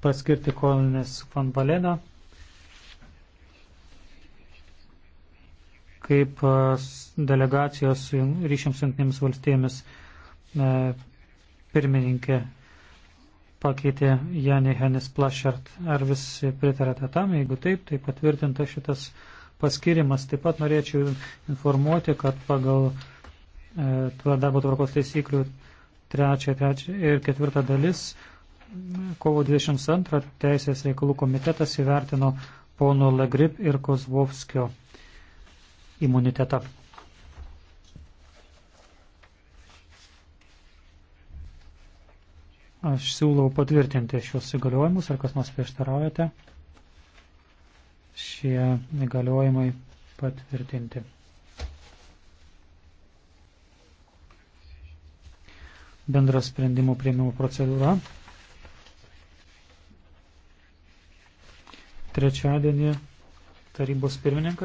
paskirti Kolines von Baleną kaip e, delegacijos ryšiams su jungtinėmis valstybėmis e, pirmininkė pakeitė Janį Henis Plašert. Ar visi pritarate tam? Jeigu taip, tai patvirtinta šitas paskirimas. Taip pat norėčiau informuoti, kad pagal e, darbo tvarkos taisyklių trečią, trečią ir ketvirtą dalis kovo 22 Teisės reikalų komitetas įvertino pono Legrip ir Kozlovskio imunitetą. Aš siūlau patvirtinti šios įgaliojimus, ar kas nors prieštaraujate. Šie įgaliojimai patvirtinti. Bendras sprendimų prieimimo procedūra. trečiadienį tarybos pirmininkas